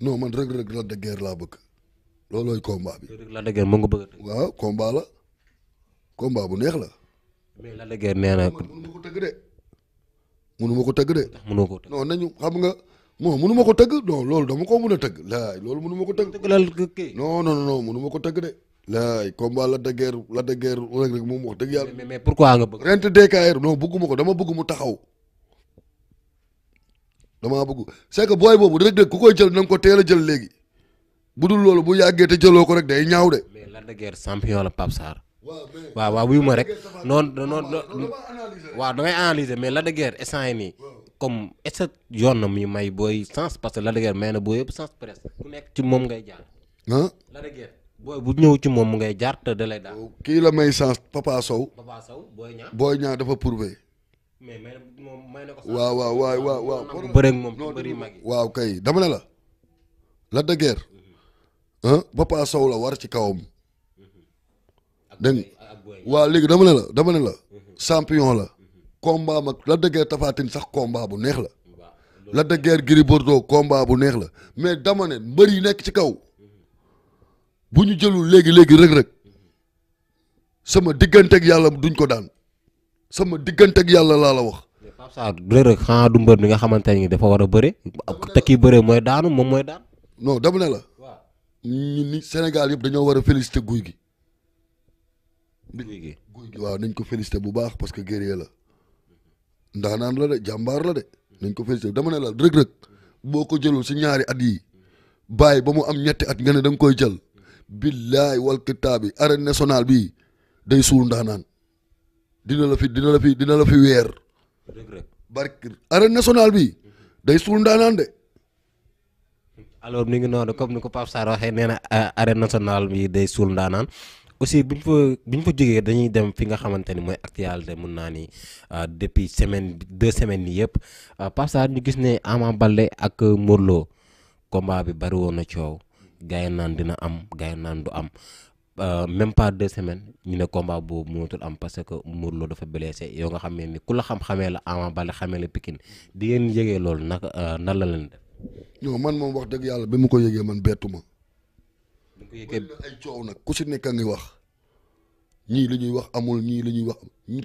non man Reug Reug Lac laa bëgg loolooy combat bi. Reug Reug Lac de Guiers moo nga bëgg waaw combat la bu neex la. mais Lac de nee na. mënu ma ko tëgg de mënu ma ko tëgg de. mënoo ko tëgg non xam nga. moom mënu ma ko tëgg non loolu dama koo mën a laay loolu mënu ma ko tëgg. tëgg laal kii non non ko tëgg de. laay combat Lac de Guiers Lac de Guiers Reug Reug moom wax dëgg yàlla. mais nga bëgg. rent DKR non bëgguma ko dama bëgg mu taxaw. damaa bëgg c'est booy boobu rek rek ku koy jël na ko teel a jël léegi bu dul loolu bu yàggee te jëloo ko rek day ñaaw de. mais Lac de Guiers champion la Pape Sarr. waaw waaw wuyu ma rek noonu noonu waaw da ngay mais Lac de Guiers yi nii comme est-ce que yoon na muy may booy sens parce que Lac de Guiers may na booy yëpp sens presse ku nekk ci moom ngay jaar. ah Lac de booy bu ñëw ci moom mu ngay jaar te da daal. kii la may sens Papa Sow. Papa Sow Boy Niang Boy dafa prouvé. mais may may na ko. waaw waaw waaw waaw moom ci bëri waaw kay dama ne la. la de guerre. Mm-hmm. ah Sow la war ci kawam. Mm-hmm. dégg waa léegi dama ne la dama ne la. Mm-hmm. champion la. combat mag la guerre tafaatin sax combat bu neex la. la de guerre Gris Bordeaux combat bu neex la mais dama ne mbër yi nekk ci kaw. bu ñu jëlul léegi léegi rëg rëg sama digganteeg yàlla duñ ko daan. sama diggante ak yàlla laa la wax. mais Pape Sarr Reug Reug du mbër bi nga xamante ne dafa war a bëre te kii bëree mooy daanu moom mooy daan. non dama ne la. waaw ñun ni Sénégal yëpp dañoo war a féliciter guy gi. guy gi guy waaw nañ ko féliciter bu baax parce que guerrier la ndaanaan la de jàmbaar la de nañ ko féliciter dama ne la Reug Reug boo ko jëlul si ñaari at yi bàyyi ba mu am ñetti at nga ne koy jël billaay wal kitaabi arène national bii day suul ndaanaan. dina la fi dina la fi dina la fi weer. barke arène nationale bi day suul ndaanaan de. alors mi ngi noonu comme ni ko Pape waxee nee na euh, arène nationale bi day suul ndaanaan aussi bu ñu fa bu ñu fa jógee dañuy dem fi nga xamante ni mooy actualité mun naa ni euh, depuis semaine deux semaines yi yëpp euh, Pape Sarr ñu gis ne Ama balle ak Modou Lo bi bari woon na coow gars yi naan dina am gars naan du am Euh, même pas de semaines ñu ne combat boobu mënatul am parce que Modou Lo dafa blessé yow nga xam ne ni ku la xam xamee la Ama Baldé xamee la Pikine di ngeen yëgee loolu nag euh, nan la leen def. non man moom wax dëgg yàlla bi mu ko yëgee man bettu ma. ay coow nag ku si nekk a ngi lu ñuy wax amul ñii lu ñuy wax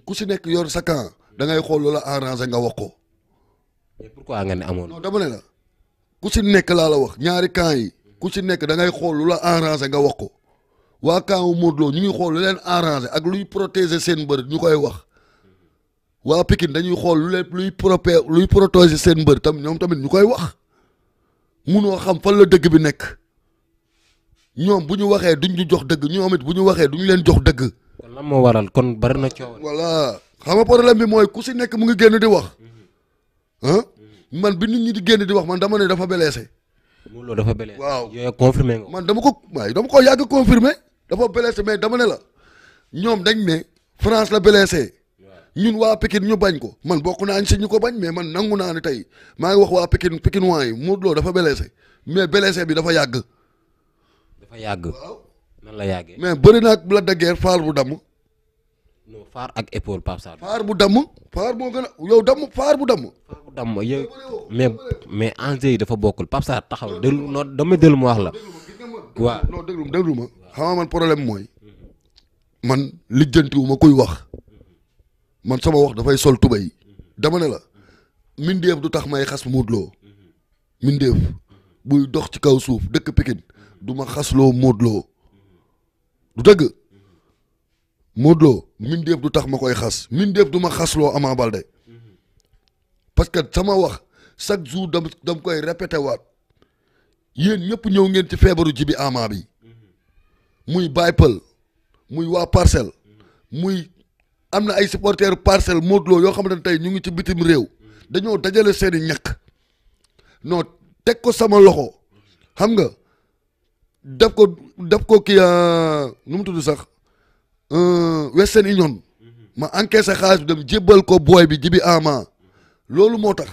ku si nekk yor sa da ngay xool loola nga wax ko. mais pourquoi nga amoon. non dama ne la nekk laa la wax ñaari camp yi ku si nekk dangay xool lu la arrangé nga wax ko. waa kaamu Modou ñu ngi xool lu leen arrangé ak luy protéger seen mbër ñu koy wax waa Pikine dañuy xool lu leen luy propé luy protéger seen mbër tam ñoom tamit ñu koy wax munoo xam fan la dëgg bi nekk ñoom bu ñu waxee duñ ñu jox dëgg ñoom bu ñu waxee duñ leen jox dëgg. kon moo waral kon bari na coow. voilà xam nga problème bi mooy ku si nekk mu ngi génn di wax ah man bi nit ñi di génn di wax man dama ne dafa blessé. Modou Lo dafa blessé. waaw yooyu confirmé man dama ko waaye dama ko yàgg confirmé. dafa blessé mais dama ne la ñoom dañ ne France la blessé ñun waa Pikine ñu bañ ko man bokk naa si ñu ko bañ mais man nangu naa ne tey maa ngi wax waa Pikine Pikinois yi Modou Lo dafa blessé mais blessé bi dafa yàgg. yàgg. waaw nan la yàggee. mais bëri na ak la daggeer faar bu damm. non faar ak épaule Pape Sarr. bu damm. faar moo yow damm faar bu damm. faar bu damm mais mais enjeu yi dafa bokkul Pape Sarr taxaw déglu non dama déglu ma wax la. waaw non déglu déglu ma. xamaa man problème mooy man lijjantiwu ma kuy wax man sama wax dafay sol tubéy dama ne la mindeef du tax may xas Modou Lo mindeef buy dox ci kaw suuf dëkk Pikine du ma xasloo Modou Lo du dëgg Modou mindeef du tax ma koy xas mindeef du ma xasloo Ama Baldé parce que sama wax chaque jour dam dam koy répété waat yéen ñëpp ñëw ngeen ci feebaru jibi Ama bi muy Baye muy waa parcelle muy am na ay supporteurs parcelle Modou Lo yoo xamante ne tey ñu ngi ci bitim réew dañoo dajale seen i ñàkk non teg ko sama loxo xam nga def ko def ko kii euh, nu mu tudd sax euh, Western Union ma encaissé xaalis bi dem jébbal ko booy bi jibi ama loolu moo tax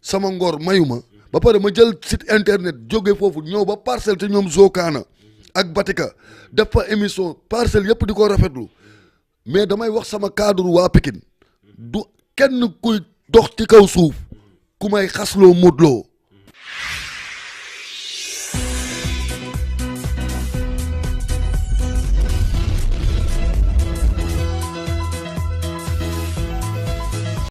sama ngor mayuma ba pare ma jël site internet jóge foofu ñëw ba parcelle te ñoom zookaana ak Batika def fa émission parcelle yëpp di ko rafetlu mais damay wax sama cadre waa Pikine du kenn kuy dox ci kaw suuf ku may xasloo móodloo